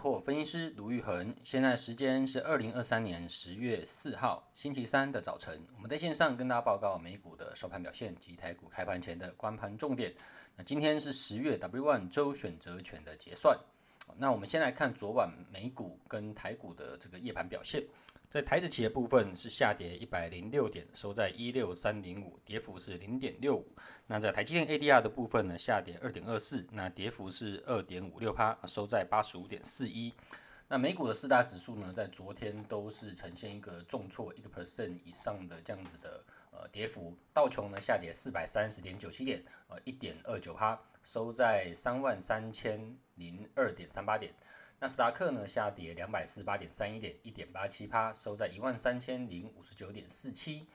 或分析師盧昱衡，現在時間是二零二三年十月四號星期三的早晨，我們在線上跟大家報告美股的收盤表現及台股開盤前的觀盤重點。那今天是十月 W 1周選擇權的結算，那我們先來看昨晚美股跟台股的這個夜盤表現。在台指期的部分是下跌一百零六點，收在一六三零五，跌幅是零點六五。那在台積電 ADR 的部分呢，下跌二點二四，那跌幅是二點五六%，收在八十五點四一。那美股的四大指數呢，在昨天都是呈現一個重挫一個 percent 以上的這樣子的呃跌幅。道瓊呢下跌四百三十點九七點，呃一點二九%，收在三萬三千零二點三八點。納斯達克呢下跌兩百四十八點三一點一點八七趴，收在一萬三千零五十九點四七。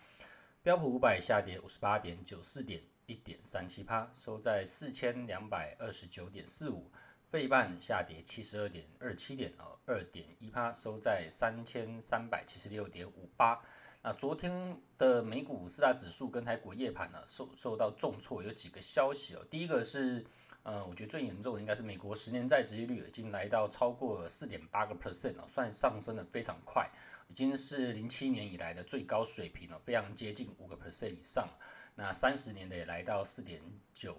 標普五百下跌五十八點九四點一點三七趴，收在四千兩百二十九點四五。費半下跌七十二點二七點二點一趴，收在三千三百七十六點五八。那昨天的美股四大指數跟台股夜盤呢受受到重挫，有幾個消息哦。第一個是。嗯，我覺得最嚴重的應該是美國十年債殖利率已經來到超過四點八個 percent 了，算上升的非常快，已經是零七年以來的最高水平了，哦，非常接近五個 percent 以上。那三十年的也來到四點九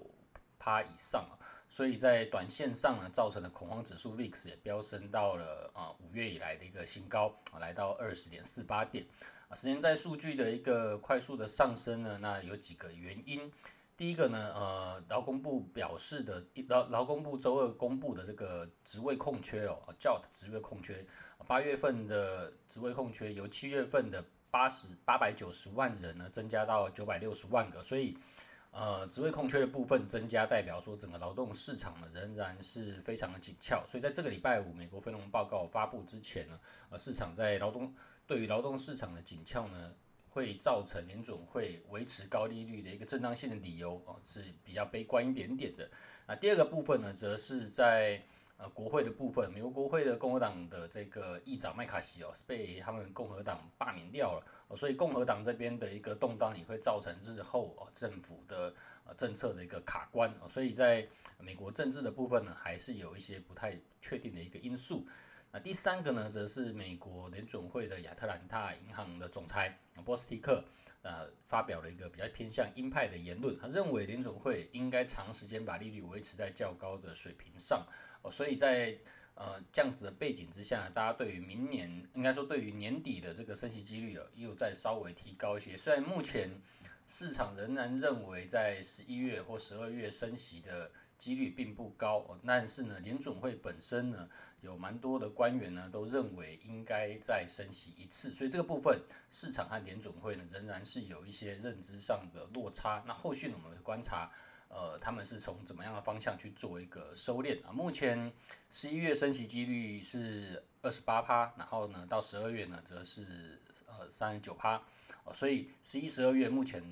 趴以上，所以在短線上呢，造成的恐慌指數 VIX 也飆升到了啊五月以來的一個新高，啊、來到二十點四八點。十年債數據的一個快速的上升呢，那有幾個原因。第一個呢，呃，勞工部表示的，勞勞工部周二公布的這個職位空缺哦，job 職位空缺，八月份的職位空缺由七月份的八十八百九十萬人呢增加到九百六十萬個，所以，呃，職位空缺的部分增加，代表說整個勞動市場呢仍然是非常的緊俏，所以在這個禮拜五美國非農報告發布之前呢，呃、啊，市場在勞動對於勞動市場的緊俏呢。會造成聯準會維持高利率的一個正當性的理由哦，是比較悲觀一點點的。那第二個部分呢，則是在呃國會的部分，美國國會的共和黨的這個議長麥卡錫哦，是被他們共和黨罷免掉了，所以共和黨這邊的一個動盪也會造成日後啊政府的政策的一個卡關。所以在美國政治的部分呢，還是有一些不太確定的一個因素。那第三個呢，則是美國聯準會的亞特蘭大銀行的總裁波斯蒂克，呃，發表了一個比較偏向鷹派的言論，他認為聯準會應該長時間把利率維持在較高的水平上。哦，所以在呃這樣子的背景之下，大家對於明年，應該說對於年底的這個升息幾率啊，哦，又再稍微提高一些。雖然目前市場仍然認為在十一月或十二月升息的。幾率並不高，但是呢，聯準會本身呢，有蠻多的官員呢，都認為應該再升息一次，所以這個部分市場和聯準會呢，仍然是有一些認知上的落差。那後續呢，我們觀察，呃，他們是從怎麼樣的方向去做一個收斂啊？目前十一月升息幾率是二十八趴，然後呢，到十二月呢，則是呃三十九趴，哦，所以十一十二月目前，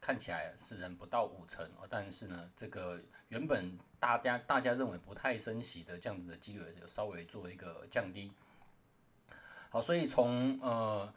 看起來是仍不到五成，但是呢，這個原本大家大家認為不太升息的這樣子的幾率，就稍微做一個降低。好，所以從呃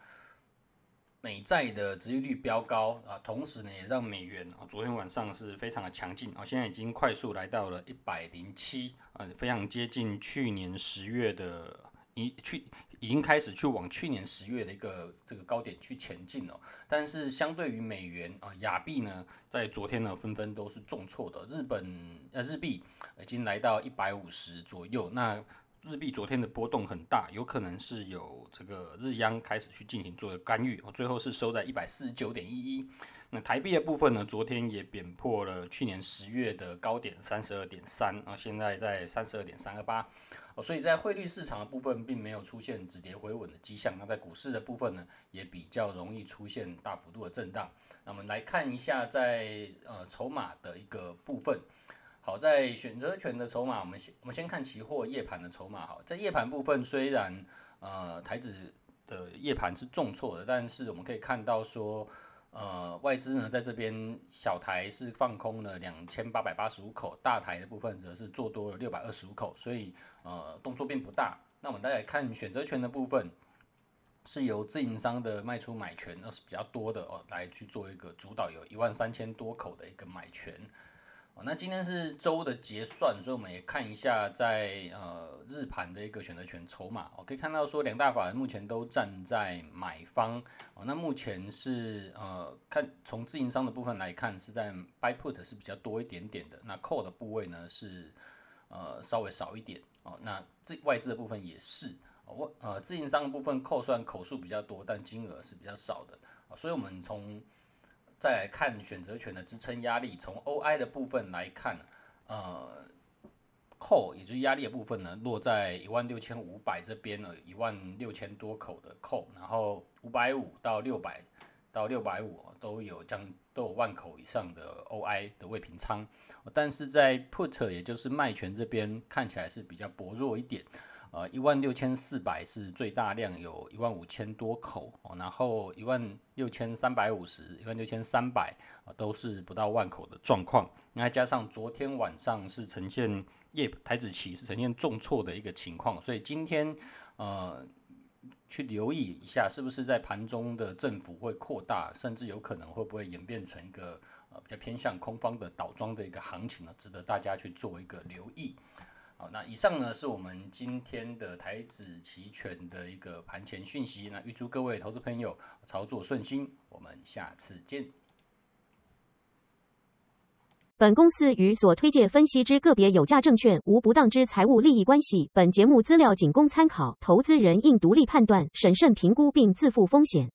美債的殖利率飆高啊，同時呢也讓美元啊昨天晚上是非常的強勁啊，現在已經快速來到了一百零七啊，非常接近去年十月的一去。已經開始去往去年十月的一個這個高點去前進了，但是相對於美元啊，亞幣呢，在昨天呢，紛紛都是重挫的。日本呃，日幣已經來到一百五十左右，那日幣昨天的波動很大，有可能是有這個日央開始去進行做干預，最後是收在一百四十九點一一。那台幣的部分呢？昨天也貶破了去年十月的高點三十二點三，然後現在在三十二點三二八，哦，所以在匯率市場的部分並沒有出現止跌回穩的跡象。那在股市的部分呢，也比較容易出現大幅度的震盪。那我們來看一下在呃籌碼的一個部分。好，在選擇權的籌碼，我們先我們先看期貨夜盤的籌碼。好，在夜盤部分雖然呃台指的夜盤是重挫的，但是我們可以看到說。呃，外資呢，在這邊小台是放空了兩千八百八十五口，大台的部分則是做多了六百二十五口，所以呃動作並不大。那我們再來看選擇權的部分，是由自營商的賣出買權，那是比較多的哦，來去做一個主導，有一萬三千多口的一個買權。哦，那今天是週的結算，所以我們也看一下在呃日盤的一個選擇權籌碼。我、哦、可以看到說，兩大法人目前都站在買方。哦，那目前是呃看從自營商的部分來看，是在 buy put 是比較多一點點的，那 call 的部位呢是呃稍微少一點。哦，那這外資的部分也是，外、哦、呃自營商的部分扣算口數比較多，但金額是比較少的。哦、所以我們從再來看選擇權的支撐壓力，從 OI 的部分來看，呃，call 也就是壓力的部分呢，落在一萬六千五百這邊了，一萬六千多口的 call，然後五百五到六百到六百五都有將都有萬口以上的 OI 的未平倉，但是在 put 也就是賣權這邊看起來是比較薄弱一點。呃，一萬六千四百是最大量，有一萬五千多口，然後一萬六千三百五十、一萬六千三百都是不到萬口的狀況。那加上昨天晚上是呈現夜台子期是呈現重挫的一個情況，所以今天呃去留意一下，是不是在盤中的振幅會擴大，甚至有可能會不會演變成一個呃比較偏向空方的倒裝的一個行情呢？值得大家去做一個留意。好，那以上呢，是我們今天的台指期權的一個盤前訊息。那預祝各位投資朋友操作順心，我們下次見。本公司與所推介分析之個別有價證券無不當之財務利益關係。本節目資料僅供參考，投資人應獨立判斷、審慎評估並自負風險。